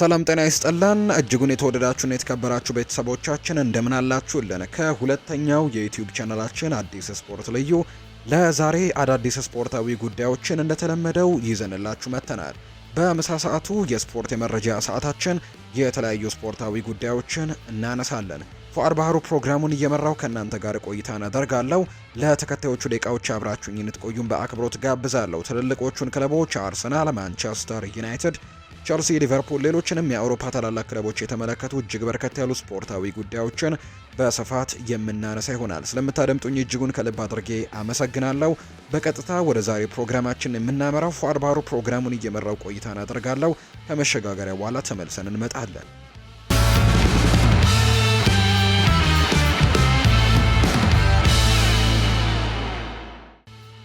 ሰላም ጤና ይስጥልን እጅጉን የተወደዳችሁና የተከበራችሁ ቤተሰቦቻችን እንደምን አላችሁልን? ከሁለተኛው የዩቲዩብ ቻናላችን አዲስ ስፖርት ልዩ ለዛሬ አዳዲስ ስፖርታዊ ጉዳዮችን እንደተለመደው ይዘንላችሁ መጥተናል። በምሳ ሰዓቱ የስፖርት የመረጃ ሰዓታችን የተለያዩ ስፖርታዊ ጉዳዮችን እናነሳለን። ፎአር ባህሩ ፕሮግራሙን እየመራው ከእናንተ ጋር ቆይታን አደርጋለሁ። ለተከታዮቹ ደቂቃዎች አብራችሁኝ እንድትቆዩም በአክብሮት ጋብዛለሁ። ትልልቆቹን ክለቦች አርሰናል፣ ማንቸስተር ዩናይትድ ቸልሲ፣ ሊቨርፑል፣ ሌሎችንም የአውሮፓ ታላላቅ ክለቦች የተመለከቱ እጅግ በርከት ያሉ ስፖርታዊ ጉዳዮችን በስፋት የምናነሳ ይሆናል። ስለምታደምጡኝ እጅጉን ከልብ አድርጌ አመሰግናለሁ። በቀጥታ ወደ ዛሬ ፕሮግራማችን የምናመራው ፏድባሩ ፕሮግራሙን እየመራው ቆይታን አደርጋለሁ። ከመሸጋገሪያ በኋላ ተመልሰን እንመጣለን።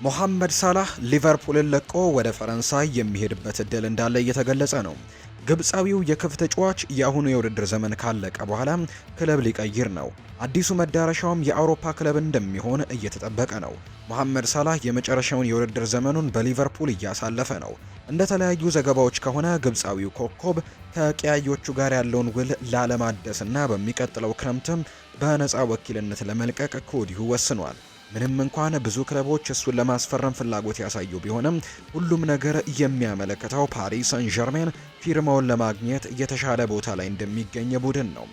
ሞሐመድ ሳላህ ሊቨርፑልን ለቆ ወደ ፈረንሳይ የሚሄድበት እድል እንዳለ እየተገለጸ ነው። ግብፃዊው የክፍ ተጫዋች የአሁኑ የውድድር ዘመን ካለቀ በኋላ ክለብ ሊቀይር ነው። አዲሱ መዳረሻውም የአውሮፓ ክለብ እንደሚሆን እየተጠበቀ ነው። ሞሐመድ ሳላህ የመጨረሻውን የውድድር ዘመኑን በሊቨርፑል እያሳለፈ ነው። እንደ ተለያዩ ዘገባዎች ከሆነ ግብፃዊው ኮከብ ከቀያዮቹ ጋር ያለውን ውል ላለማደስና በሚቀጥለው ክረምትም በነፃ ወኪልነት ለመልቀቅ ከወዲሁ ወስኗል። ምንም እንኳን ብዙ ክለቦች እሱን ለማስፈረም ፍላጎት ያሳዩ ቢሆንም ሁሉም ነገር የሚያመለክተው ፓሪስ ሰን ዠርሜን ፊርማውን ለማግኘት የተሻለ ቦታ ላይ እንደሚገኝ ቡድን ነው።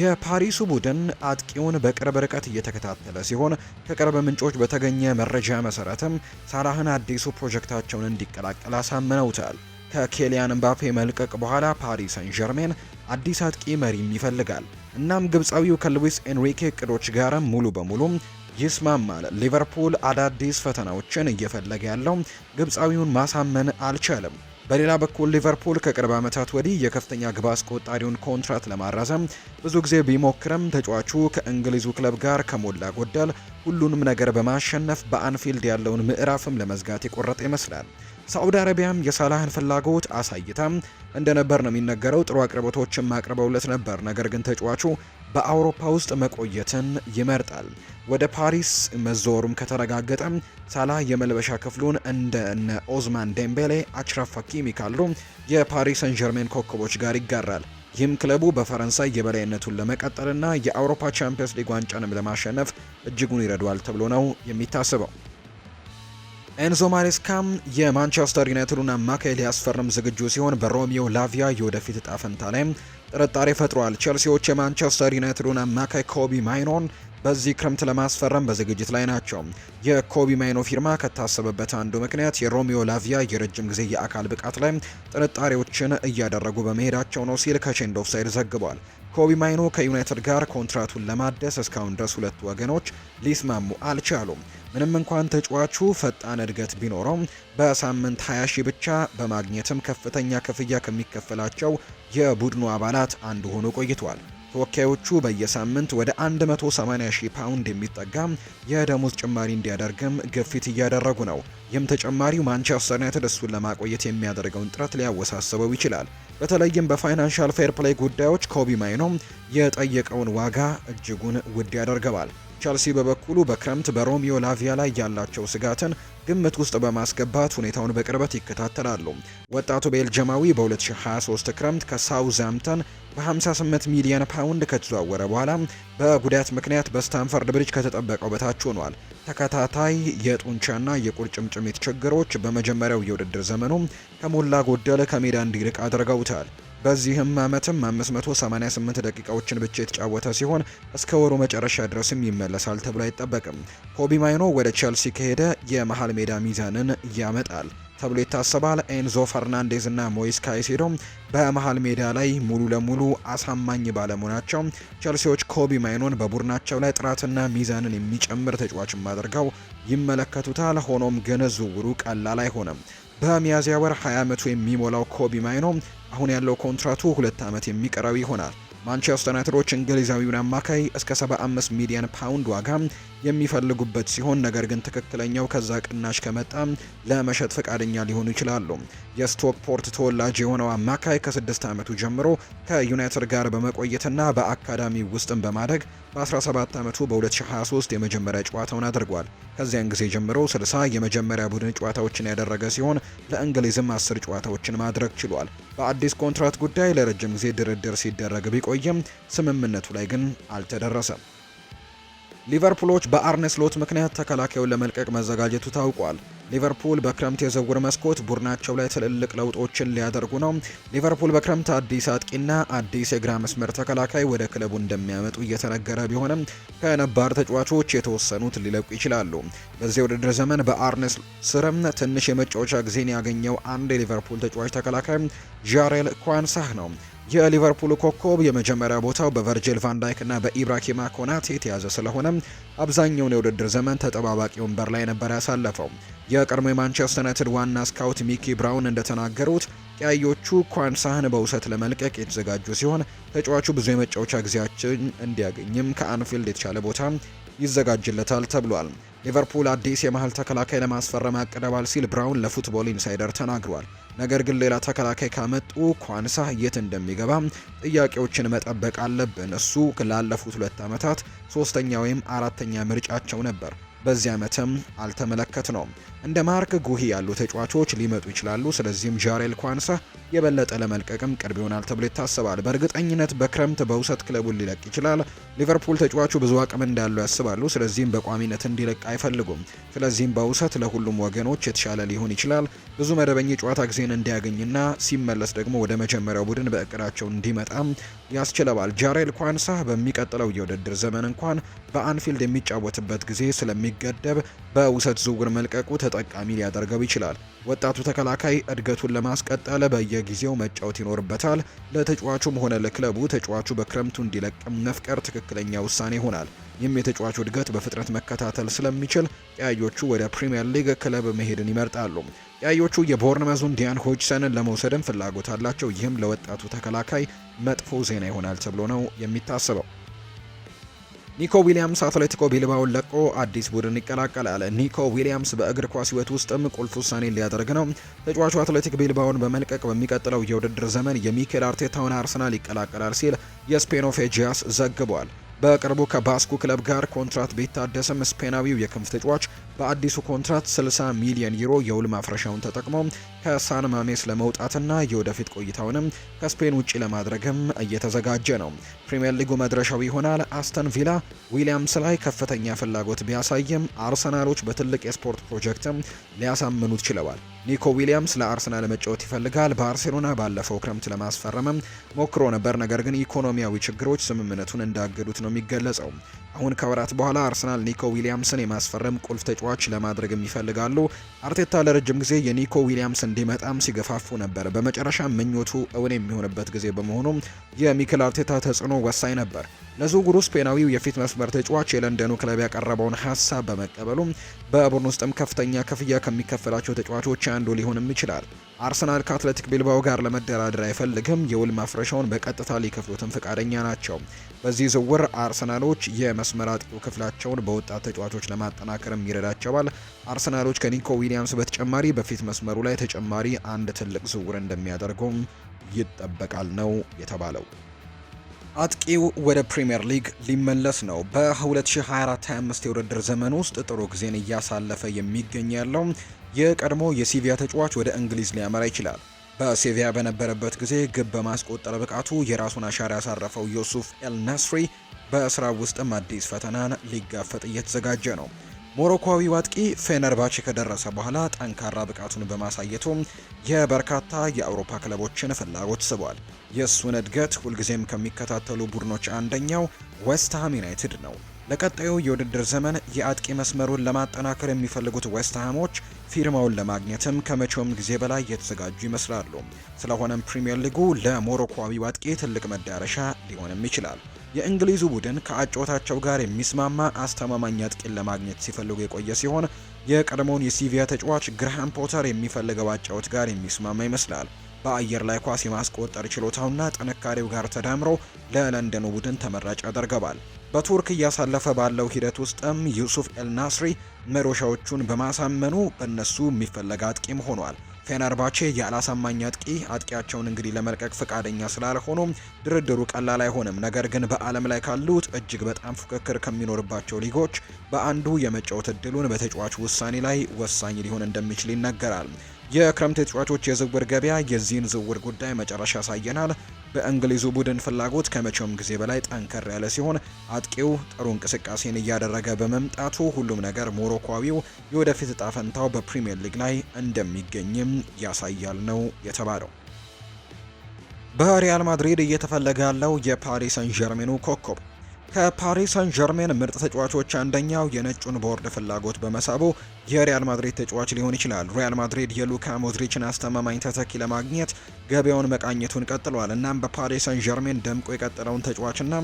የፓሪሱ ቡድን አጥቂውን በቅርብ ርቀት እየተከታተለ ሲሆን ከቅርብ ምንጮች በተገኘ መረጃ መሰረትም ሳላህን አዲሱ ፕሮጀክታቸውን እንዲቀላቀል አሳምነውታል። ከኬሊያን ምባፔ መልቀቅ በኋላ ፓሪስ ሰን ዠርሜን አዲስ አጥቂ መሪም ይፈልጋል። እናም ግብፃዊው ከሉዊስ ኤንሪኬ እቅዶች ጋር ሙሉ በሙሉ ይስማማል። ሊቨርፑል አዳዲስ ፈተናዎችን እየፈለገ ያለው ግብፃዊውን ማሳመን አልቻለም። በሌላ በኩል ሊቨርፑል ከቅርብ ዓመታት ወዲህ የከፍተኛ ግብ አስቆጣሪውን ኮንትራት ለማራዘም ብዙ ጊዜ ቢሞክርም ተጫዋቹ ከእንግሊዙ ክለብ ጋር ከሞላ ጎደል ሁሉንም ነገር በማሸነፍ በአንፊልድ ያለውን ምዕራፍም ለመዝጋት የቆረጠ ይመስላል። ሳዑዲ አረቢያም የሳላህን ፍላጎት አሳይታ እንደነበር ነው የሚነገረው። ጥሩ አቅርቦቶችም አቅርበውለት ነበር። ነገር ግን ተጫዋቹ በአውሮፓ ውስጥ መቆየትን ይመርጣል። ወደ ፓሪስ መዞሩም ከተረጋገጠ ሳላ የመልበሻ ክፍሉን እንደ እነ ኦዝማን ዴምቤሌ፣ አችራፍ ሀኪሚ ካሉ የፓሪስ ሰን ጀርሜን ኮከቦች ጋር ይጋራል። ይህም ክለቡ በፈረንሳይ የበላይነቱን ለመቀጠልና የአውሮፓ ቻምፒየንስ ሊግ ዋንጫንም ለማሸነፍ እጅጉን ይረዷል ተብሎ ነው የሚታስበው። ኤንዞ ማሬስካም የማንቸስተር ዩናይትዱን አማካይ ሊያስፈርም ዝግጁ ሲሆን በሮሚዮ ላቪያ የወደፊት እጣ ፈንታ ላይ ጥርጣሬ ፈጥሯል። ቼልሲዎች የማንቸስተር ዩናይትዱን አማካይ ኮቢ ማይኖን በዚህ ክረምት ለማስፈረም በዝግጅት ላይ ናቸው። የኮቢ ማይኖ ፊርማ ከታሰበበት አንዱ ምክንያት የሮሚዮ ላቪያ የረጅም ጊዜ የአካል ብቃት ላይ ጥርጣሬዎችን እያደረጉ በመሄዳቸው ነው ሲል ከቼንድ ሳይድ ዘግቧል። ኮቢ ማይኖ ከዩናይትድ ጋር ኮንትራቱን ለማደስ እስካሁን ድረስ ሁለቱ ወገኖች ሊስማሙ አልቻሉም። ምንም እንኳን ተጫዋቹ ፈጣን እድገት ቢኖረውም በሳምንት 20 ሺህ ብቻ በማግኘትም ከፍተኛ ክፍያ ከሚከፈላቸው የቡድኑ አባላት አንዱ ሆኖ ቆይቷል። ተወካዮቹ በየሳምንት ወደ 180 ሺህ ፓውንድ የሚጠጋ የደሞዝ ጭማሪ እንዲያደርግም ግፊት እያደረጉ ነው። ይህም ተጨማሪው ማንቸስተር ዩናይትድ እሱን ለማቆየት የሚያደርገውን ጥረት ሊያወሳስበው ይችላል። በተለይም በፋይናንሻል ፌር ፕሌይ ጉዳዮች ኮቢ ማይኖ የጠየቀውን ዋጋ እጅጉን ውድ ያደርገዋል። ቸልሲ በበኩሉ በክረምት በሮሚዮ ላቪያ ላይ ያላቸው ስጋትን ግምት ውስጥ በማስገባት ሁኔታውን በቅርበት ይከታተላሉ። ወጣቱ ቤልጅማዊ በ2023 ክረምት ከሳውዝሃምፕተን በ58 ሚሊዮን ፓውንድ ከተዘዋወረ በኋላ በጉዳት ምክንያት በስታንፈርድ ብሪጅ ከተጠበቀው በታች ሆኗል። ተከታታይ የጡንቻና የቁርጭምጭሚት ችግሮች በመጀመሪያው የውድድር ዘመኑ ከሞላ ጎደል ከሜዳ እንዲርቅ አድርገውታል። በዚህም ዓመትም 588 ደቂቃዎችን ብቻ የተጫወተ ሲሆን እስከ ወሩ መጨረሻ ድረስም ይመለሳል ተብሎ አይጠበቅም። ኮቢ ማይኖ ወደ ቼልሲ ከሄደ የመሃል ሜዳ ሚዛንን ያመጣል ተብሎ ይታሰባል። ኤንዞ ፈርናንዴዝ እና ሞይስ ካይሴዶ በመሃል ሜዳ ላይ ሙሉ ለሙሉ አሳማኝ ባለመሆናቸው ቸልሲዎች ኮቢ ማይኖን በቡድናቸው ላይ ጥራትና ሚዛንን የሚጨምር ተጫዋችም አድርገው ይመለከቱታል። ሆኖም ግን ዝውውሩ ቀላል አይሆንም። በሚያዝያ ወር 20 ዓመቱ የሚሞላው ኮቢ ማይኖ አሁን ያለው ኮንትራቱ ሁለት ዓመት የሚቀረው ይሆናል። ማንቸስተር ዩናይትዶች እንግሊዛዊውን አማካይ እስከ 75 ሚሊዮን ፓውንድ ዋጋ የሚፈልጉበት ሲሆን ነገር ግን ትክክለኛው ከዛ ቅናሽ ከመጣ ለመሸጥ ፈቃደኛ ሊሆኑ ይችላሉ። የስቶክፖርት ተወላጅ የሆነው አማካይ ከስድስት ዓመቱ ጀምሮ ከዩናይትድ ጋር በመቆየትና በአካዳሚ ውስጥም በማደግ በ17 ዓመቱ በ2023 የመጀመሪያ ጨዋታውን አድርጓል። ከዚያን ጊዜ ጀምሮ 60 የመጀመሪያ ቡድን ጨዋታዎችን ያደረገ ሲሆን ለእንግሊዝም አስር ጨዋታዎችን ማድረግ ችሏል። በአዲስ ኮንትራት ጉዳይ ለረጅም ጊዜ ድርድር ሲደረግ ቢቆይም ስምምነቱ ላይ ግን አልተደረሰም። ሊቨርፑሎች በአርነስሎት ምክንያት ተከላካዩን ለመልቀቅ መዘጋጀቱ ታውቋል። ሊቨርፑል በክረምት የዝውውር መስኮት ቡድናቸው ላይ ትልልቅ ለውጦችን ሊያደርጉ ነው። ሊቨርፑል በክረምት አዲስ አጥቂና አዲስ የግራ መስመር ተከላካይ ወደ ክለቡ እንደሚያመጡ እየተነገረ ቢሆንም ከነባር ተጫዋቾች የተወሰኑት ሊለቁ ይችላሉ። በዚህ ውድድር ዘመን በአርነስ ስርም ትንሽ የመጫወቻ ጊዜን ያገኘው አንድ የሊቨርፑል ተጫዋች ተከላካይ ጃሬል ኳንሳህ ነው። የሊቨርፑል ኮከብ የመጀመሪያ ቦታው በቨርጅል ቫንዳይክ እና በኢብራሂማ ኮናቴ የተያዘ ስለሆነም አብዛኛውን የውድድር ዘመን ተጠባባቂ ወንበር ላይ ነበር ያሳለፈው። የቀድሞ የማንቸስተር ዩናይትድ ዋና ስካውት ሚኪ ብራውን እንደተናገሩት ቀያዮቹ ኳንሳህን በውሰት ለመልቀቅ የተዘጋጁ ሲሆን ተጫዋቹ ብዙ የመጫወቻ ጊዜያችን እንዲያገኝም ከአንፊልድ የተሻለ ቦታ ይዘጋጅለታል ተብሏል። ሊቨርፑል አዲስ የመሀል ተከላካይ ለማስፈረም አቅደዋል ሲል ብራውን ለፉትቦል ኢንሳይደር ተናግሯል። ነገር ግን ሌላ ተከላካይ ካመጡ ኳንሳ የት እንደሚገባ ጥያቄዎችን መጠበቅ አለብን። እሱ ላለፉት ሁለት ዓመታት ሶስተኛ ወይም አራተኛ ምርጫቸው ነበር። በዚህ ዓመትም አልተመለከት ነው። እንደ ማርክ ጉሂ ያሉ ተጫዋቾች ሊመጡ ይችላሉ። ስለዚህም ጃሬል ኳንሳ የበለጠ ለመልቀቅም ቅርብ ይሆናል ተብሎ ይታሰባል። በእርግጠኝነት በክረምት በውሰት ክለቡን ሊለቅ ይችላል። ሊቨርፑል ተጫዋቹ ብዙ አቅም እንዳለው ያስባሉ። ስለዚህም በቋሚነት እንዲለቅ አይፈልጉም። ስለዚህም በውሰት ለሁሉም ወገኖች የተሻለ ሊሆን ይችላል። ብዙ መደበኛ ጨዋታ ጊዜን እንዲያገኝና ሲመለስ ደግሞ ወደ መጀመሪያው ቡድን በእቅዳቸው እንዲመጣም ያስችለዋል። ጃሬል ኳንሳ በሚቀጥለው የውድድር ዘመን እንኳን በአንፊልድ የሚጫወትበት ጊዜ ስለሚገደብ በውሰት ዝውውር መልቀቁ ተጠቃሚ ሊያደርገው ይችላል። ወጣቱ ተከላካይ እድገቱን ለማስቀጠል በየጊዜው መጫወት ይኖርበታል። ለተጫዋቹም ሆነ ለክለቡ ተጫዋቹ በክረምቱ እንዲለቅም መፍቀር ትክክለኛ ውሳኔ ይሆናል። ይህም የተጫዋቹ እድገት በፍጥነት መከታተል ስለሚችል ቀያዮቹ ወደ ፕሪምየር ሊግ ክለብ መሄድን ይመርጣሉ። ቀያዮቹ የቦርንመዙን ዲያን ሆጅሰንን ለመውሰድም ፍላጎት አላቸው። ይህም ለወጣቱ ተከላካይ መጥፎ ዜና ይሆናል ተብሎ ነው የሚታሰበው። ኒኮ ዊሊያምስ አትሌቲኮ ቢልባውን ለቆ አዲስ ቡድን ይቀላቀላል። ኒኮ ዊሊያምስ በእግር ኳስ ህይወት ውስጥም ቁልፍ ውሳኔ ሊያደርግ ነው። ተጫዋቹ አትሌቲክ ቢልባውን በመልቀቅ በሚቀጥለው የውድድር ዘመን የሚኬል አርቴታውን አርሰናል ይቀላቀላል ሲል የስፔኖ ፌጂያስ ዘግቧል። በቅርቡ ከባስኩ ክለብ ጋር ኮንትራት ቢታደስም ስፔናዊው የክንፍ ተጫዋች በአዲሱ ኮንትራት 60 ሚሊዮን ዩሮ የውል ማፍረሻውን ተጠቅሞ ከሳን ማሜስ ለመውጣትና የወደፊት ቆይታውንም ከስፔን ውጪ ለማድረግም እየተዘጋጀ ነው። ፕሪምየር ሊጉ መድረሻው ይሆናል። አስተን ቪላ ዊሊያምስ ላይ ከፍተኛ ፍላጎት ቢያሳይም አርሰናሎች በትልቅ የስፖርት ፕሮጀክትም ሊያሳምኑት ችለዋል። ኒኮ ዊሊያምስ ለአርሰናል መጫወት ይፈልጋል። ባርሴሎና ባለፈው ክረምት ለማስፈረምም ሞክሮ ነበር፣ ነገር ግን ኢኮኖሚያዊ ችግሮች ስምምነቱን እንዳገዱት ነው ነው የሚገለጸው። አሁን ከወራት በኋላ አርሰናል ኒኮ ዊሊያምስን የማስፈረም ቁልፍ ተጫዋች ለማድረግ ይፈልጋሉ። አርቴታ ለረጅም ጊዜ የኒኮ ዊሊያምስ እንዲመጣም ሲገፋፉ ነበር። በመጨረሻ ምኞቱ እውን የሚሆንበት ጊዜ በመሆኑም የሚክል አርቴታ ተጽዕኖ ወሳኝ ነበር። ለዝውውሩ ስፔናዊው የፊት መስመር ተጫዋች የለንደኑ ክለብ ያቀረበውን ሀሳብ በመቀበሉም በቡድን ውስጥም ከፍተኛ ክፍያ ከሚከፈላቸው ተጫዋቾች አንዱ ሊሆንም ይችላል። አርሰናል ከአትሌቲክ ቢልባው ጋር ለመደራደር አይፈልግም። የውል ማፍረሻውን በቀጥታ ሊከፍሉትም ፈቃደኛ ናቸው። በዚህ ዝውውር አርሰናሎች የመስመር አጥቂው ክፍላቸውን በወጣት ተጫዋቾች ለማጠናከርም ይረዳቸዋል። አርሰናሎች ከኒኮ ዊሊያምስ በተጨማሪ በፊት መስመሩ ላይ ተጨማሪ አንድ ትልቅ ዝውውር እንደሚያደርጉም ይጠበቃል ነው የተባለው። አጥቂው ወደ ፕሪምየር ሊግ ሊመለስ ነው። በ2024/25 የውድድር ዘመን ውስጥ ጥሩ ጊዜን እያሳለፈ የሚገኝ ያለው የቀድሞ የሲቪያ ተጫዋች ወደ እንግሊዝ ሊያመራ ይችላል። በሴቪያ በነበረበት ጊዜ ግብ በማስቆጠር ብቃቱ የራሱን አሻራ ያሳረፈው ዮሱፍ ኤልናስሪ በስራው ውስጥም አዲስ ፈተናን ሊጋፈጥ እየተዘጋጀ ነው። ሞሮኮዊ አጥቂ ፌነርባቼ ከደረሰ በኋላ ጠንካራ ብቃቱን በማሳየቱ የበርካታ የአውሮፓ ክለቦችን ፍላጎት ስቧል። የእሱን እድገት ሁልጊዜም ከሚከታተሉ ቡድኖች አንደኛው ዌስትሃም ዩናይትድ ነው። ለቀጣዩ የውድድር ዘመን የአጥቂ መስመሩን ለማጠናከር የሚፈልጉት ዌስትሃሞች ፊርማውን ለማግኘትም ከመቼውም ጊዜ በላይ የተዘጋጁ ይመስላሉ። ስለሆነም ፕሪምየር ሊጉ ለሞሮኮዊ አጥቂ ትልቅ መዳረሻ ሊሆንም ይችላል። የእንግሊዙ ቡድን ከአጨዋወታቸው ጋር የሚስማማ አስተማማኝ አጥቂን ለማግኘት ሲፈልጉ የቆየ ሲሆን የቀድሞውን የሲቪያ ተጫዋች ግርሃም ፖተር የሚፈልገው አጫወት ጋር የሚስማማ ይመስላል። በአየር ላይ ኳስ የማስቆጠር ችሎታውና ጥንካሬው ጋር ተዳምሮ ለለንደኑ ቡድን ተመራጭ ያደርገዋል። በቱርክ እያሳለፈ ባለው ሂደት ውስጥም ዩሱፍ ኤልናስሪ መዶሻዎቹን በማሳመኑ በእነሱ የሚፈለግ አጥቂም ሆኗል። ፌነርባቼ ያላሳማኝ አጥቂ አጥቂያቸውን እንግዲህ ለመልቀቅ ፈቃደኛ ስላልሆኑ ድርድሩ ቀላል አይሆንም። ነገር ግን በዓለም ላይ ካሉት እጅግ በጣም ፉክክር ከሚኖርባቸው ሊጎች በአንዱ የመጫወት እድሉን በተጫዋቹ ውሳኔ ላይ ወሳኝ ሊሆን እንደሚችል ይነገራል። የክረምት ተጫዋቾች የዝውውር ገበያ የዚህን ዝውውር ጉዳይ መጨረሻ ያሳየናል። በእንግሊዙ ቡድን ፍላጎት ከመቼውም ጊዜ በላይ ጠንከር ያለ ሲሆን አጥቂው ጥሩ እንቅስቃሴን እያደረገ በመምጣቱ ሁሉም ነገር ሞሮኳዊው የወደፊት እጣ ፈንታው በፕሪምየር ሊግ ላይ እንደሚገኝም ያሳያል ነው የተባለው። በሪያል ማድሪድ እየተፈለገ ያለው የፓሪስ ሰን ዠርሜኑ ኮከብ ከፓሪስ ሳን ጀርሜን ምርጥ ተጫዋቾች አንደኛው የነጩን ቦርድ ፍላጎት በመሳቡ የሪያል ማድሪድ ተጫዋች ሊሆን ይችላል። ሪያል ማድሪድ የሉካ ሞድሪችን አስተማማኝ ተተኪ ለማግኘት ገበያውን መቃኘቱን ቀጥሏል። እናም በፓሪስ ሳን ጀርሜን ደምቆ የቀጠለውን ተጫዋችና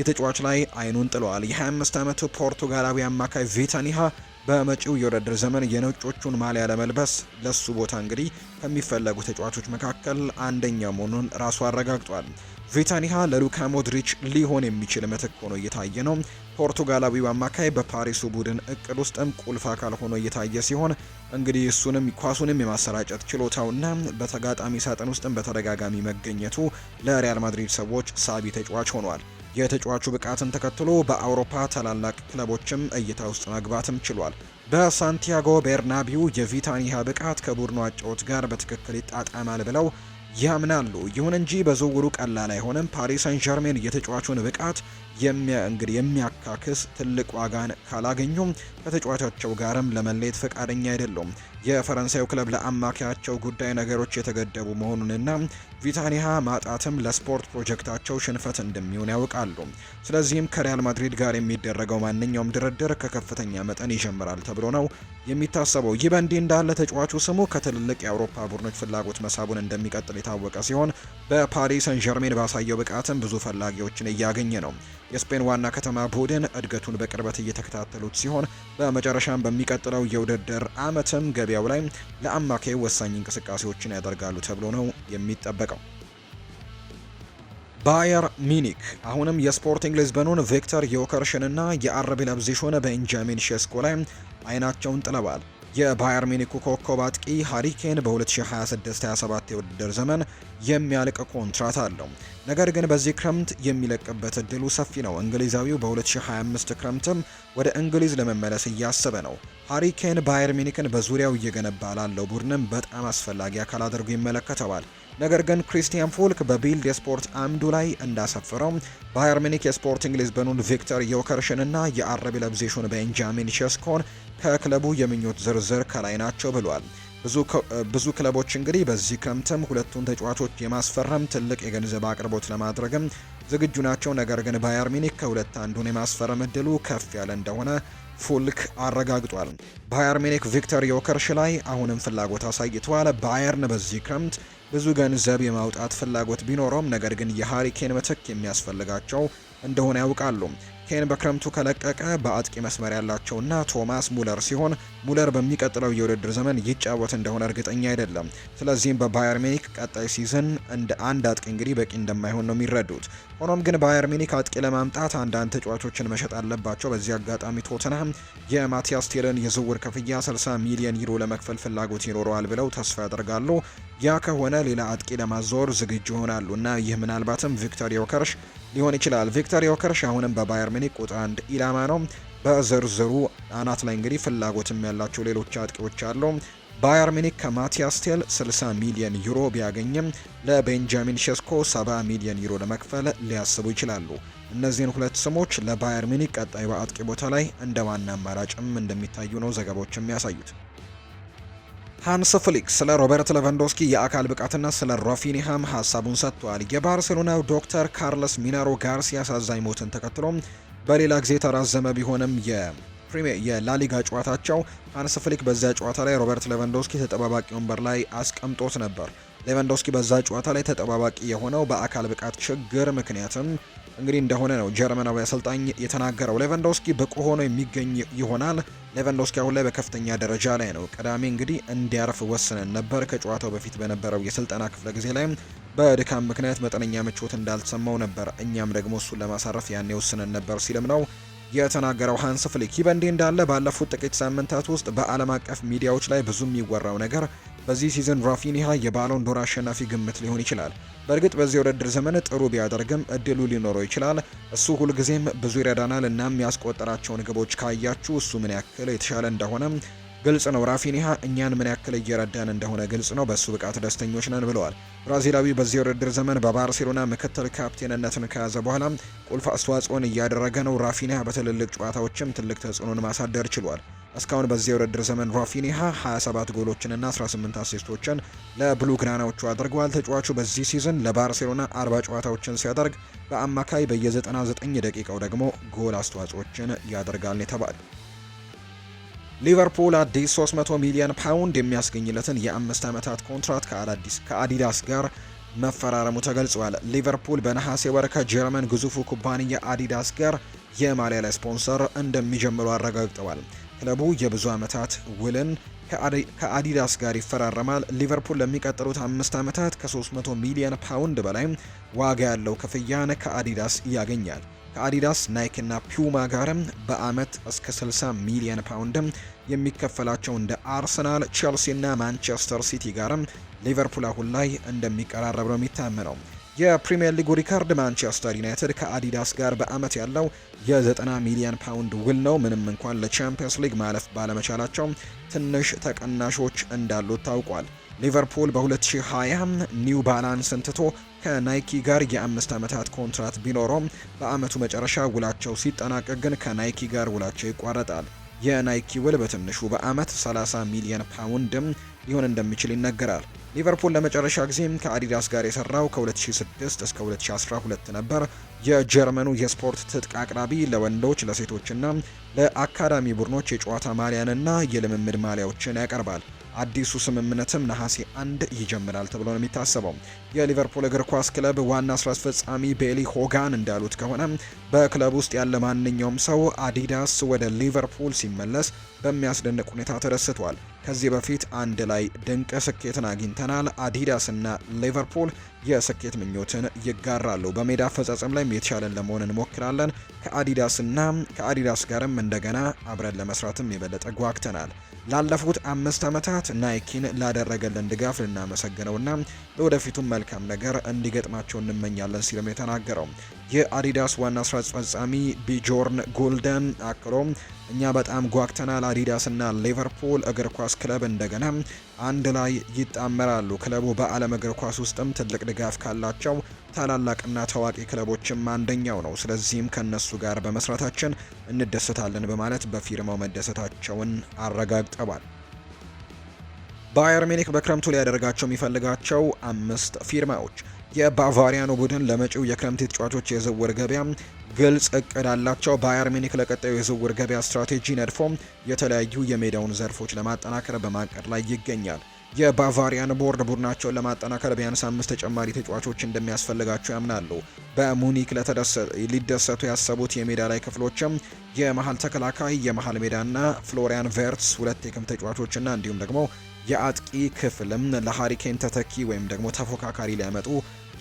የተጫዋች ላይ አይኑን ጥለዋል። የ25 ዓመቱ ፖርቱጋላዊ አማካይ ቪታኒሃ በመጪው የውድድር ዘመን የነጮቹን ማሊያ ለመልበስ ለሱ ቦታ እንግዲህ ከሚፈለጉ ተጫዋቾች መካከል አንደኛ መሆኑን ራሱ አረጋግጧል። ቪታኒሃ ለሉካ ሞድሪች ሊሆን የሚችል ምትክ ሆኖ እየታየ ነው። ፖርቱጋላዊው አማካይ በፓሪሱ ቡድን እቅድ ውስጥም ቁልፍ አካል ሆኖ እየታየ ሲሆን እንግዲህ እሱንም ኳሱንም የማሰራጨት ችሎታውና በተጋጣሚ ሳጥን ውስጥም በተደጋጋሚ መገኘቱ ለሪያል ማድሪድ ሰዎች ሳቢ ተጫዋች ሆኗል። የተጫዋቹ ብቃትን ተከትሎ በአውሮፓ ታላላቅ ክለቦችም እይታ ውስጥ መግባትም ችሏል። በሳንቲያጎ ቤርናቢው የቪታኒሃ ብቃት ከቡድኑ አጨዋወት ጋር በትክክል ይጣጣማል ብለው ያምናሉ። ይሁን እንጂ በዝውውሩ ቀላል አይሆንም። ፓሪስ ሰን ዠርሜን የተጫዋቹን ብቃት እንግዲህ የሚያካክስ ትልቅ ዋጋን ካላገኙም ከተጫዋቻቸው ጋርም ለመለየት ፈቃደኛ አይደሉም። የፈረንሳዩ ክለብ ለአማካያቸው ጉዳይ ነገሮች የተገደቡ መሆኑንና ቪታኒያ ማጣትም ለስፖርት ፕሮጀክታቸው ሽንፈት እንደሚሆን ያውቃሉ። ስለዚህም ከሪያል ማድሪድ ጋር የሚደረገው ማንኛውም ድርድር ከከፍተኛ መጠን ይጀምራል ተብሎ ነው የሚታሰበው። ይህ በእንዲህ እንዳለ ተጫዋቹ ስሙ ከትልልቅ የአውሮፓ ቡድኖች ፍላጎት መሳቡን እንደሚቀጥል የታወቀ ሲሆን በፓሪስ ሰን ዠርሜን ባሳየው ብቃትም ብዙ ፈላጊዎችን እያገኘ ነው። የስፔን ዋና ከተማ ቡድን እድገቱን በቅርበት እየተከታተሉት ሲሆን በመጨረሻም በሚቀጥለው የውድድር ዓመትም ገበያው ላይ ለአማካይ ወሳኝ እንቅስቃሴዎችን ያደርጋሉ ተብሎ ነው የሚጠበቀው። ባየር ሚኒክ አሁንም የስፖርቲንግ ሊዝበኑን ቪክተር ዮከርሽንና የአርቢ ለብዚሾን ቤንጃሚን ሼስኮ ላይ አይናቸውን ጥለዋል። የባየር ሚኒኩ ኮከብ አጥቂ ሃሪኬን በ2026-27 የውድድር ዘመን የሚያልቅ ኮንትራት አለው። ነገር ግን በዚህ ክረምት የሚለቅበት እድሉ ሰፊ ነው። እንግሊዛዊው በ2025 ክረምትም ወደ እንግሊዝ ለመመለስ እያሰበ ነው። ሃሪኬን ባየር ሚኒክን በዙሪያው እየገነባ ላለው ቡድንም በጣም አስፈላጊ አካል አድርጎ ይመለከተዋል። ነገር ግን ክሪስቲያን ፎልክ በቢልድ የስፖርት አምዱ ላይ እንዳሰፈረው ባየር ሚኒክ የስፖርቲንግ ሊዝበኑን ቪክተር ዮከርሽንና የአረብ ለብዜሹን ቤንጃሚን ሸስኮን ከክለቡ የምኞት ዝርዝር ከላይ ናቸው ብሏል። ብዙ ክለቦች እንግዲህ በዚህ ክረምትም ሁለቱን ተጫዋቾች የማስፈረም ትልቅ የገንዘብ አቅርቦት ለማድረግም ዝግጁ ናቸው። ነገር ግን ባየር ሚኒክ ከሁለት አንዱን የማስፈረም እድሉ ከፍ ያለ እንደሆነ ፉልክ አረጋግጧል። ባየር ሚኒክ ቪክተር ዮከርሽ ላይ አሁንም ፍላጎት አሳይተዋል። ባየርን በዚህ ክረምት ብዙ ገንዘብ የማውጣት ፍላጎት ቢኖረውም ነገር ግን የሃሪኬን ኬን ምትክ የሚያስፈልጋቸው እንደሆነ ያውቃሉ። ኬን በክረምቱ ከለቀቀ በአጥቂ መስመር ያላቸውና ቶማስ ሙለር ሲሆን ሙለር በሚቀጥለው የውድድር ዘመን ይጫወት እንደሆነ እርግጠኛ አይደለም። ስለዚህም በባየር ሚኒክ ቀጣይ ሲዝን እንደ አንድ አጥቂ እንግዲህ በቂ እንደማይሆን ነው የሚረዱት። ሆኖም ግን ባየር ሚኒክ አጥቂ ለማምጣት አንዳንድ ተጫዋቾችን መሸጥ አለባቸው። በዚህ አጋጣሚ ቶትንሃም የማቲያስ ቴልን የዝውውር ክፍያ 60 ሚሊዮን ዩሮ ለመክፈል ፍላጎት ይኖረዋል ብለው ተስፋ ያደርጋሉ። ያ ከሆነ ሌላ አጥቂ ለማዛወር ዝግጁ ይሆናሉ እና ይህ ምናልባትም ቪክተር ዮከርሽ ሊሆን ይችላል። ቪክተር ዮከርሽ አሁንም በባየር ሚኒክ ቁጥር አንድ ኢላማ ነው። በዝርዝሩ አናት ላይ እንግዲህ ፍላጎትም ያላቸው ሌሎች አጥቂዎች አሉ። ባየር ሚኒክ ከማቲያስ ቴል 60 ሚሊዮን ዩሮ ቢያገኝም ለቤንጃሚን ሸስኮ 70 ሚሊዮን ዩሮ ለመክፈል ሊያስቡ ይችላሉ። እነዚህን ሁለት ስሞች ለባየር ሚኒክ ቀጣይ በአጥቂ ቦታ ላይ እንደ ዋና አማራጭም እንደሚታዩ ነው ዘገባዎች የሚያሳዩት። ሃንስ ፍሊክ ስለ ሮበርት ሌቫንዶስኪ የአካል ብቃትና ስለ ሮፊኒሃም ሀሳቡን ሰጥቷል። የባርሴሎናው ዶክተር ካርለስ ሚናሮ ጋርሲያ አሳዛኝ ሞትን ተከትሎ በሌላ ጊዜ ተራዘመ ቢሆንም ፕሪሚየር የላሊጋ ጨዋታቸው ሃንስ ፍሊክ በዛ ጨዋታ ላይ ሮበርት ሌቫንዶስኪ ተጠባባቂ ወንበር ላይ አስቀምጦት ነበር። ሌቫንዶስኪ በዛ ጨዋታ ላይ ተጠባባቂ የሆነው በአካል ብቃት ችግር ምክንያትም እንግዲህ እንደሆነ ነው ጀርመናዊ አሰልጣኝ የተናገረው። ሌቫንዶስኪ ብቁ ሆኖ የሚገኝ ይሆናል። ሌቫንዶስኪ አሁን ላይ በከፍተኛ ደረጃ ላይ ነው። ቅዳሜ እንግዲህ እንዲያርፍ ወስነን ነበር። ከጨዋታው በፊት በነበረው የስልጠና ክፍለ ጊዜ ላይ በድካም ምክንያት መጠነኛ ምቾት እንዳልተሰማው ነበር። እኛም ደግሞ እሱን ለማሳረፍ ያኔ ወስነን ነበር ሲልም ነው የተናገረው ሃንስ ፍሊክ። ይህ በእንዲህ እንዳለ ባለፉት ጥቂት ሳምንታት ውስጥ በዓለም አቀፍ ሚዲያዎች ላይ ብዙ የሚወራው ነገር በዚህ ሲዝን ራፊኒሃ የባሎን ዶር አሸናፊ ግምት ሊሆን ይችላል። በእርግጥ በዚህ ውድድር ዘመን ጥሩ ቢያደርግም እድሉ ሊኖረው ይችላል። እሱ ሁልጊዜም ብዙ ይረዳናል። እናም ያስቆጠራቸውን ግቦች ካያችሁ እሱ ምን ያክል የተሻለ እንደሆነም ግልጽ ነው ራፊኒሃ እኛን ምን ያክል እየረዳን እንደሆነ ግልጽ ነው። በእሱ ብቃት ደስተኞች ነን ብለዋል። ብራዚላዊ በዚህ ውድድር ዘመን በባርሴሎና ምክትል ካፕቴንነትን ከያዘ በኋላ ቁልፍ አስተዋጽኦን እያደረገ ነው። ራፊኒሃ በትልልቅ ጨዋታዎችም ትልቅ ተጽዕኖን ማሳደር ችሏል። እስካሁን በዚህ የውድድር ዘመን ራፊኒሃ 27 ጎሎችንና 18 አሲስቶችን ለብሉ ግናናዎቹ አድርገዋል። ተጫዋቹ በዚህ ሲዝን ለባርሴሎና 40 ጨዋታዎችን ሲያደርግ በአማካይ በየ99 ደቂቃው ደግሞ ጎል አስተዋጽኦችን ያደርጋል የተባለ ሊቨርፑል አዲስ 300 ሚሊዮን ፓውንድ የሚያስገኝለትን የአምስት ዓመታት ኮንትራት ከአዳዲስ ከአዲዳስ ጋር መፈራረሙ ተገልጿል። ሊቨርፑል በነሐሴ ወር ከጀርመን ግዙፉ ኩባንያ አዲዳስ ጋር የማሊያ ላይ ስፖንሰር እንደሚጀምሩ አረጋግጠዋል። ክለቡ የብዙ ዓመታት ውልን ከአዲዳስ ጋር ይፈራረማል። ሊቨርፑል ለሚቀጥሉት አምስት ዓመታት ከ300 ሚሊዮን ፓውንድ በላይ ዋጋ ያለው ክፍያን ከአዲዳስ ያገኛል። ከአዲዳስ ናይክ እና ፒውማ ጋርም በአመት እስከ 60 ሚሊዮን ፓውንድም የሚከፈላቸው እንደ አርሰናል፣ ቼልሲ እና ማንቸስተር ሲቲ ጋርም ሊቨርፑል አሁን ላይ እንደሚቀራረብ ነው የሚታመነው። የፕሪምየር ሊጉ ሪካርድ ማንቸስተር ዩናይትድ ከአዲዳስ ጋር በአመት ያለው የ90 ሚሊዮን ፓውንድ ውል ነው። ምንም እንኳን ለቻምፒየንስ ሊግ ማለፍ ባለመቻላቸው ትንሽ ተቀናሾች እንዳሉት ታውቋል። ሊቨርፑል በ2020 ኒው ባላንስን ትቶ ከናይኪ ጋር የአምስት ዓመታት ኮንትራት ቢኖረውም በአመቱ መጨረሻ ውላቸው ሲጠናቀቅ ግን ከናይኪ ጋር ውላቸው ይቋረጣል። የናይኪ ውል በትንሹ በአመት 30 ሚሊዮን ፓውንድም ሊሆን እንደሚችል ይነገራል። ሊቨርፑል ለመጨረሻ ጊዜም ከአዲዳስ ጋር የሰራው ከ2006 እስከ 2012 ነበር። የጀርመኑ የስፖርት ትጥቅ አቅራቢ ለወንዶች ለሴቶችና ለአካዳሚ ቡድኖች የጨዋታ ማሊያንና የልምምድ ማሊያዎችን ያቀርባል። አዲሱ ስምምነትም ነሐሴ አንድ ይጀምራል ተብሎ ነው የሚታሰበው። የሊቨርፑል እግር ኳስ ክለብ ዋና ስራ አስፈጻሚ ቤሊ ሆጋን እንዳሉት ከሆነ በክለብ ውስጥ ያለ ማንኛውም ሰው አዲዳስ ወደ ሊቨርፑል ሲመለስ በሚያስደንቅ ሁኔታ ተደስቷል። ከዚህ በፊት አንድ ላይ ድንቅ ስኬትን አግኝተናል። አዲዳስ እና ሊቨርፑል የስኬት ምኞትን ይጋራሉ። በሜዳ አፈጻጸም ላይም የተሻለን ለመሆን እንሞክራለን። ከአዲዳስና ከአዲዳስ ጋርም እንደገና አብረን ለመስራትም የበለጠ ጓግተናል። ላለፉት አምስት ዓመታት ናይኪን ላደረገልን ድጋፍ ልናመሰግነውና ለወደፊቱም መልካም ነገር እንዲገጥማቸው እንመኛለን ሲልም የተናገረው የአዲዳስ ዋና ስራ አስፈጻሚ ቢጆርን ጎልደን አክሎ እኛ በጣም ጓግተናል። አዲዳስና ሊቨርፑል እግር ኳስ ክለብ እንደገና አንድ ላይ ይጣመራሉ። ክለቡ በዓለም እግር ኳስ ውስጥም ትልቅ ድጋፍ ካላቸው ታላላቅና ታዋቂ ክለቦችም አንደኛው ነው። ስለዚህም ከነሱ ጋር በመስራታችን እንደሰታለን በማለት በፊርማው መደሰታቸውን አረጋግጠዋል። ባየር ሚኒክ በክረምቱ ሊያደርጋቸው የሚፈልጋቸው አምስት ፊርማዎች የባቫሪያኑ ቡድን ለመጪው የክረምት ተጫዋቾች የዝውውር ገበያ ግልጽ እቅድ አላቸው። ባየር ሚኒክ ለቀጣዩ የዝውውር ገበያ ስትራቴጂ ነድፎ የተለያዩ የሜዳውን ዘርፎች ለማጠናከር በማቀድ ላይ ይገኛል። የባቫሪያን ቦርድ ቡድናቸውን ለማጠናከር ቢያንስ አምስት ተጨማሪ ተጫዋቾች እንደሚያስፈልጋቸው ያምናሉ። በሙኒክ ሊደሰቱ ያሰቡት የሜዳ ላይ ክፍሎችም የመሀል ተከላካይ፣ የመሀል ሜዳና ፍሎሪያን ቨርትስ ሁለት የክም ተጫዋቾችና እንዲሁም ደግሞ የአጥቂ ክፍልም ለሃሪኬን ተተኪ ወይም ደግሞ ተፎካካሪ ሊያመጡ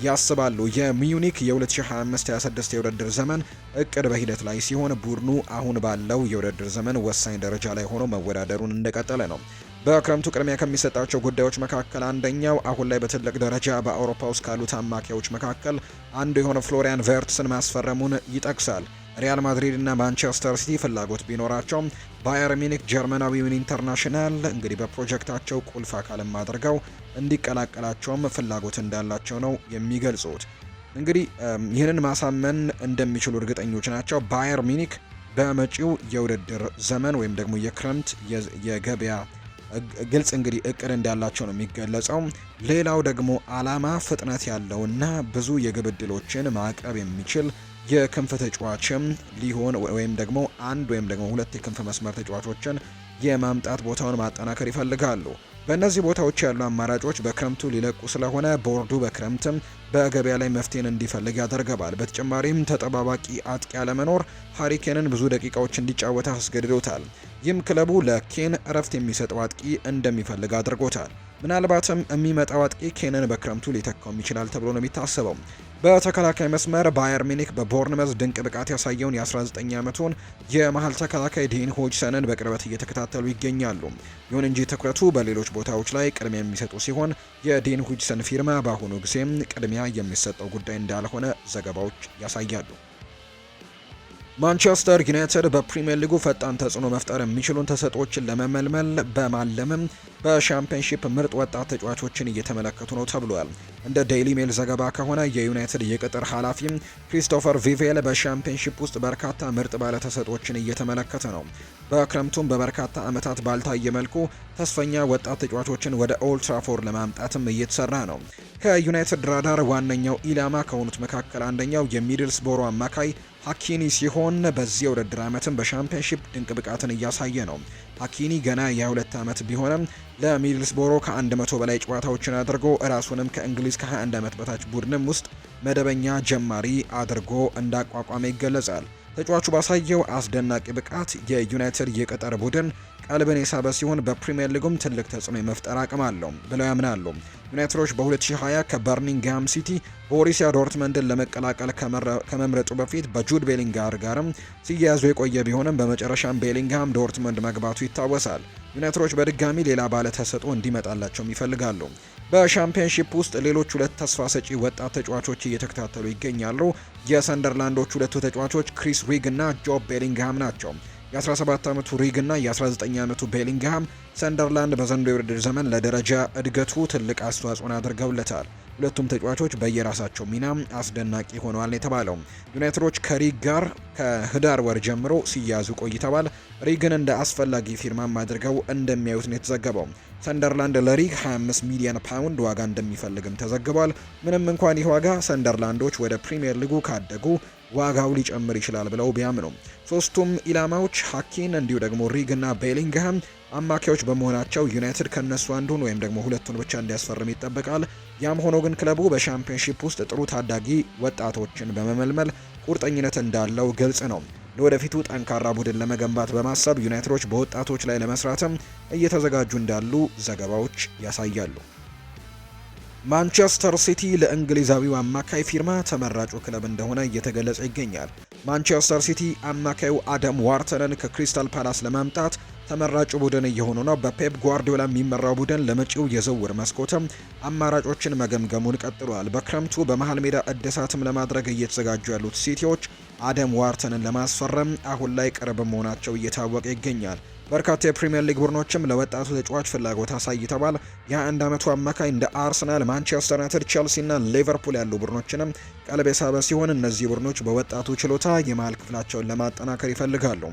ያስባሉ። የሚዩኒክ የ2025/26 የውድድር ዘመን እቅድ በሂደት ላይ ሲሆን ቡድኑ አሁን ባለው የውድድር ዘመን ወሳኝ ደረጃ ላይ ሆኖ መወዳደሩን እንደቀጠለ ነው። በክረምቱ ቅድሚያ ከሚሰጣቸው ጉዳዮች መካከል አንደኛው አሁን ላይ በትልቅ ደረጃ በአውሮፓ ውስጥ ካሉት አማካዮች መካከል አንዱ የሆነ ፍሎሪያን ቨርትስን ማስፈረሙን ይጠቅሳል። ሪያል ማድሪድ እና ማንቸስተር ሲቲ ፍላጎት ቢኖራቸውም ባየር ሚኒክ ጀርመናዊውን ኢንተርናሽናል እንግዲህ በፕሮጀክታቸው ቁልፍ አካልም አድርገው እንዲቀላቀላቸውም ፍላጎት እንዳላቸው ነው የሚገልጹት። እንግዲህ ይህንን ማሳመን እንደሚችሉ እርግጠኞች ናቸው። ባየር ሚኒክ በመጪው የውድድር ዘመን ወይም ደግሞ የክረምት የገበያ ግልጽ እንግዲህ እቅድ እንዳላቸው ነው የሚገለጸው። ሌላው ደግሞ አላማ ፍጥነት ያለውና ብዙ የግብ ዕድሎችን ማቅረብ የሚችል የክንፍ ተጫዋችም ሊሆን ወይም ደግሞ አንድ ወይም ደግሞ ሁለት የክንፍ መስመር ተጫዋቾችን የማምጣት ቦታውን ማጠናከር ይፈልጋሉ። በእነዚህ ቦታዎች ያሉ አማራጮች በክረምቱ ሊለቁ ስለሆነ ቦርዱ በክረምትም በገበያ ላይ መፍትሄን እንዲፈልግ ያደርገባል። በተጨማሪም ተጠባባቂ አጥቂ አለመኖር ሀሪኬንን ብዙ ደቂቃዎች እንዲጫወት አስገድዶታል። ይህም ክለቡ ለኬን እረፍት የሚሰጠው አጥቂ እንደሚፈልግ አድርጎታል። ምናልባትም የሚመጣው አጥቂ ኬንን በክረምቱ ሊተካውም ይችላል ተብሎ ነው የሚታሰበው። በተከላካይ መስመር ባየር ሚኒክ በቦርንመዝ ድንቅ ብቃት ያሳየውን የ19 ዓመቱን የመሀል ተከላካይ ዲን ሆጅሰንን በቅርበት እየተከታተሉ ይገኛሉ። ይሁን እንጂ ትኩረቱ በሌሎች ቦታዎች ላይ ቅድሚያ የሚሰጡ ሲሆን የዲን ሆጅሰን ፊርማ በአሁኑ ጊዜም ቅድሚያ የሚሰጠው ጉዳይ እንዳልሆነ ዘገባዎች ያሳያሉ። ማንቸስተር ዩናይትድ በፕሪምየር ሊጉ ፈጣን ተጽዕኖ መፍጠር የሚችሉን ተሰጥኦችን ለመመልመል በማለምም በሻምፒዮንሺፕ ምርጥ ወጣት ተጫዋቾችን እየተመለከቱ ነው ተብሏል። እንደ ዴይሊ ሜል ዘገባ ከሆነ የዩናይትድ የቅጥር ኃላፊ ክሪስቶፈር ቪቬል በሻምፒዮንሺፕ ውስጥ በርካታ ምርጥ ባለተሰጦችን እየተመለከተ ነው። በክረምቱም በበርካታ ዓመታት ባልታየ መልኩ ተስፈኛ ወጣት ተጫዋቾችን ወደ ኦልትራፎር ለማምጣትም እየተሰራ ነው። ከዩናይትድ ራዳር ዋነኛው ኢላማ ከሆኑት መካከል አንደኛው የሚድልስ አማካይ ሀኪኒ ሲሆን በዚህ የውድድር ዓመትም በሻምፒዮንሺፕ ድንቅ ብቃትን እያሳየ ነው። ሀኪኒ ገና የ2 ዓመት ቢሆንም ለሚድልስቦሮ ከ100 በላይ ጨዋታዎችን አድርጎ ራሱንም ከእንግሊዝ ከ21 ዓመት በታች ቡድንም ውስጥ መደበኛ ጀማሪ አድርጎ እንዳቋቋመ ይገለጻል። ተጫዋቹ ባሳየው አስደናቂ ብቃት የዩናይትድ የቀጠር ቡድን ቀልብን የሳበ ሲሆን በፕሪምየር ሊጉም ትልቅ ተጽዕኖ የመፍጠር አቅም አለው ብለው ያምናሉ። ዩናይትዶች በ2020 ከበርኒንግሃም ሲቲ ቦሩሲያ ዶርትመንድን ለመቀላቀል ከመምረጡ በፊት በጁድ ቤሊንጋር ጋርም ሲያያዙ የቆየ ቢሆንም በመጨረሻም ቤሊንግሃም ዶርትመንድ መግባቱ ይታወሳል። ዩናይትዶች በድጋሚ ሌላ ባለ ተሰጥኦ እንዲመጣላቸውም ይፈልጋሉ። በሻምፒዮንሺፕ ውስጥ ሌሎች ሁለት ተስፋ ሰጪ ወጣት ተጫዋቾች እየተከታተሉ ይገኛሉ። የሰንደርላንዶች ሁለቱ ተጫዋቾች ክሪስ ሪግ እና ጆብ ቤሊንግሃም ናቸው። የ17 ዓመቱ ሪግ እና የ19 ዓመቱ ቤሊንግሃም ሰንደርላንድ በዘንድሮው የውድድር ዘመን ለደረጃ እድገቱ ትልቅ አስተዋጽኦን አድርገውለታል። ሁለቱም ተጫዋቾች በየራሳቸው ሚና አስደናቂ ሆነዋል የተባለው ዩናይትዶች ከሪግ ጋር ከህዳር ወር ጀምሮ ሲያዙ ቆይተዋል። ሪግን እንደ አስፈላጊ ፊርማም አድርገው እንደሚያዩት ነው የተዘገበው። ሰንደርላንድ ለሪግ 25 ሚሊዮን ፓውንድ ዋጋ እንደሚፈልግም ተዘግቧል። ምንም እንኳን ይህ ዋጋ ሰንደርላንዶች ወደ ፕሪምየር ሊጉ ካደጉ ዋጋው ሊጨምር ይችላል ብለው ቢያምኑም ሶስቱም ኢላማዎች ሀኪን እንዲሁ ደግሞ ሪግና ቤሊንግሃም አማካዮች በመሆናቸው ዩናይትድ ከነሱ አንዱን ወይም ደግሞ ሁለቱን ብቻ እንዲያስፈርም ይጠበቃል። ያም ሆኖ ግን ክለቡ በሻምፒዮንሺፕ ውስጥ ጥሩ ታዳጊ ወጣቶችን በመመልመል ቁርጠኝነት እንዳለው ግልጽ ነው። ለወደፊቱ ጠንካራ ቡድን ለመገንባት በማሰብ ዩናይትዶች በወጣቶች ላይ ለመስራትም እየተዘጋጁ እንዳሉ ዘገባዎች ያሳያሉ። ማንቸስተር ሲቲ ለእንግሊዛዊው አማካይ ፊርማ ተመራጩ ክለብ እንደሆነ እየተገለጸ ይገኛል። ማንቸስተር ሲቲ አማካዩ አደም ዋርተንን ከክሪስታል ፓላስ ለማምጣት ተመራጭ ቡድን እየሆኑ ነው። በፔፕ ጓርዲዮላ የሚመራው ቡድን ለመጪው የዝውውር መስኮትም አማራጮችን መገምገሙን ቀጥሏል። በክረምቱ በመሃል ሜዳ እድሳትም ለማድረግ እየተዘጋጁ ያሉት ሲቲዎች አደም ዋርተንን ለማስፈረም አሁን ላይ ቅርብ መሆናቸው እየታወቀ ይገኛል። በርካታ የፕሪምየር ሊግ ቡድኖችም ለወጣቱ ተጫዋች ፍላጎት አሳይተዋል የአንድ ዓመቱ አማካይ እንደ አርሰናል፣ ማንቸስተር ዩናይትድ፣ ቼልሲና ሊቨርፑል ያሉ ቡድኖችንም ቀልብ የሳበ ሲሆን እነዚህ ቡድኖች በወጣቱ ችሎታ የመሃል ክፍላቸውን ለማጠናከር ይፈልጋሉ።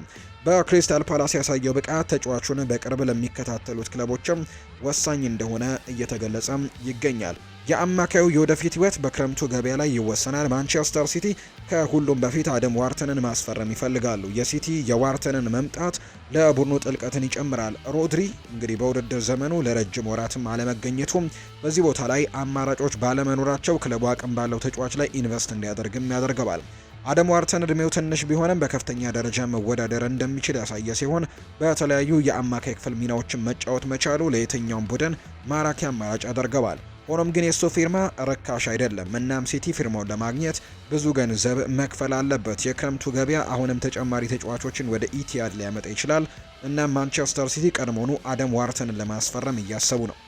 በክሪስታል ፓላስ ያሳየው ብቃት ተጫዋቹን በቅርብ ለሚከታተሉት ክለቦችም ወሳኝ እንደሆነ እየተገለጸ ይገኛል። የአማካዩ የወደፊት ህይወት በክረምቱ ገበያ ላይ ይወሰናል። ማንቸስተር ሲቲ ከሁሉም በፊት አደም ዋርተንን ማስፈረም ይፈልጋሉ። የሲቲ የዋርተንን መምጣት ለቡድኑ ጥልቀትን ይጨምራል። ሮድሪ እንግዲህ በውድድር ዘመኑ ለረጅም ወራትም አለመገኘቱም በዚህ ቦታ ላይ አማራጮች ባለመኖራቸው ክለቡ አቅም ባለው ተጫዋች ላይ ኢንቨስት እንዲያደርግም ያደርገዋል። አደም ዋርተን እድሜው ትንሽ ቢሆንም በከፍተኛ ደረጃ መወዳደር እንደሚችል ያሳየ ሲሆን በተለያዩ የአማካይ ክፍል ሚናዎችን መጫወት መቻሉ ለየትኛውም ቡድን ማራኪ አማራጭ ያደርገዋል። ሆኖም ግን የእሱ ፊርማ ርካሽ አይደለም። እናም ሲቲ ፊርማውን ለማግኘት ብዙ ገንዘብ መክፈል አለበት። የክረምቱ ገበያ አሁንም ተጨማሪ ተጫዋቾችን ወደ ኢቲያድ ሊያመጣ ይችላል። እናም ማንቸስተር ሲቲ ቀድሞኑ አደም ዋርተንን ለማስፈረም እያሰቡ ነው።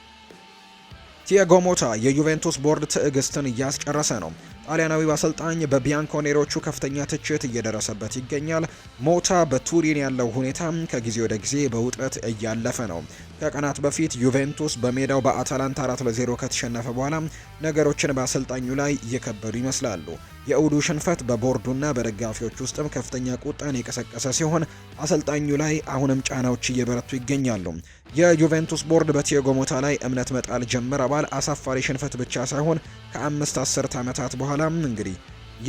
ቲያጎ ሞታ የዩቬንቱስ ቦርድ ትዕግስትን እያስጨረሰ ነው። ጣሊያናዊው አሰልጣኝ በቢያንኮኔሮቹ ከፍተኛ ትችት እየደረሰበት ይገኛል። ሞታ በቱሪን ያለው ሁኔታ ከጊዜ ወደ ጊዜ በውጥረት እያለፈ ነው። ከቀናት በፊት ዩቬንቱስ በሜዳው በአታላንታ አራት ለዜሮ ከተሸነፈ በኋላ ነገሮችን በአሰልጣኙ ላይ እየከበዱ ይመስላሉ። የእሁዱ ሽንፈት በቦርዱና በደጋፊዎች ውስጥም ከፍተኛ ቁጣን የቀሰቀሰ ሲሆን አሰልጣኙ ላይ አሁንም ጫናዎች እየበረቱ ይገኛሉ። የዩቬንቱስ ቦርድ በቲያጎ ሞታ ላይ እምነት መጣል ጀምረዋል። አሳፋሪ ሽንፈት ብቻ ሳይሆን ከአምስት አስርት ዓመታት በኋላ በኋላም እንግዲህ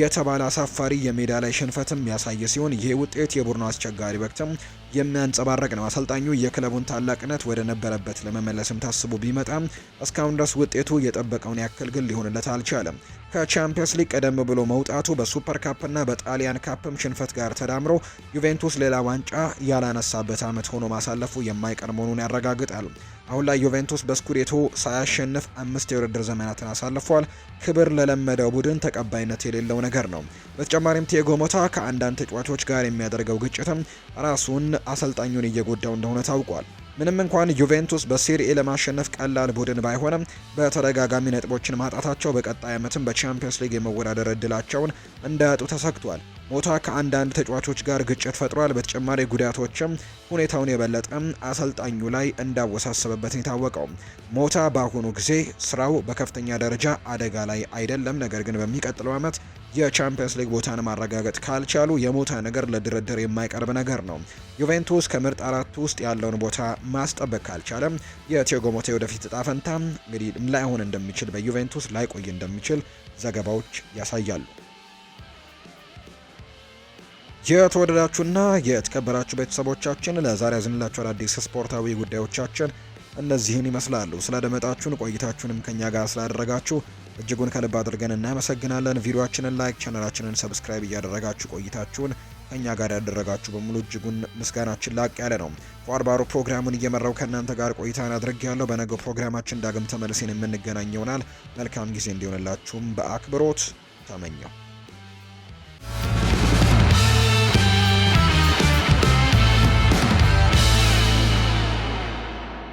የተባለ አሳፋሪ የሜዳ ላይ ሽንፈትም ያሳየ ሲሆን ይሄ ውጤት የቡድኑ አስቸጋሪ ወቅትም የሚያንጸባረቅ ነው። አሰልጣኙ የክለቡን ታላቅነት ወደ ነበረበት ለመመለስም ታስቦ ቢመጣም እስካሁን ድረስ ውጤቱ የጠበቀውን ያክል ግን ሊሆንለት አልቻለም። ከቻምፒየንስ ሊግ ቀደም ብሎ መውጣቱ በሱፐር ካፕና በጣሊያን ካፕም ሽንፈት ጋር ተዳምሮ ዩቬንቱስ ሌላ ዋንጫ ያላነሳበት ዓመት ሆኖ ማሳለፉ የማይቀር መሆኑን ያረጋግጣል። አሁን ላይ ዩቬንቱስ በስኩዴቶ ሳያሸንፍ አምስት የውድድር ዘመናትን አሳልፏል። ክብር ለለመደው ቡድን ተቀባይነት የሌለው ነገር ነው። በተጨማሪም ቲያጎ ሞታ ከአንዳንድ ተጫዋቾች ጋር የሚያደርገው ግጭትም ራሱን አሰልጣኙን እየጎዳው እንደሆነ ታውቋል። ምንም እንኳን ዩቬንቱስ በሴሪኤ ለማሸነፍ ቀላል ቡድን ባይሆንም በተደጋጋሚ ነጥቦችን ማጣታቸው በቀጣይ ዓመትም በቻምፒየንስ ሊግ የመወዳደር እድላቸውን እንዳያጡ ተሰግቷል። ሞታ ከአንዳንድ ተጫዋቾች ጋር ግጭት ፈጥሯል። በተጨማሪ ጉዳቶችም ሁኔታውን የበለጠ አሰልጣኙ ላይ እንዳወሳሰበበት የታወቀው ሞታ በአሁኑ ጊዜ ስራው በከፍተኛ ደረጃ አደጋ ላይ አይደለም። ነገር ግን በሚቀጥለው ዓመት የቻምፒየንስ ሊግ ቦታን ማረጋገጥ ካልቻሉ የሞታ ነገር ለድርድር የማይቀርብ ነገር ነው። ዩቬንቱስ ከምርጥ አራት ውስጥ ያለውን ቦታ ማስጠበቅ ካልቻለም የቲያጎ ሞታ ወደፊት እጣ ፈንታ እንግዲህ ላይሆን እንደሚችል በዩቬንቱስ ላይቆይ እንደሚችል ዘገባዎች ያሳያሉ። የተወደዳችሁና የተከበራችሁ ቤተሰቦቻችን ለዛሬ ያዝንላችሁ አዳዲስ ስፖርታዊ ጉዳዮቻችን እነዚህን ይመስላሉ። ስላደመጣችሁን ቆይታችሁንም ከኛ ጋር ስላደረጋችሁ እጅጉን ከልብ አድርገን እናመሰግናለን። ቪዲዮችንን ላይክ፣ ቻናላችንን ሰብስክራይብ እያደረጋችሁ ቆይታችሁን ከኛ ጋር ያደረጋችሁ በሙሉ እጅጉን ምስጋናችን ላቅ ያለ ነው። ፏርባሩ ፕሮግራሙን እየመራው ከእናንተ ጋር ቆይታን አድርግ ያለው በነገው ፕሮግራማችን ዳግም ተመልሴን የምንገናኘውናል። መልካም ጊዜ እንዲሆንላችሁም በአክብሮት ተመኘው።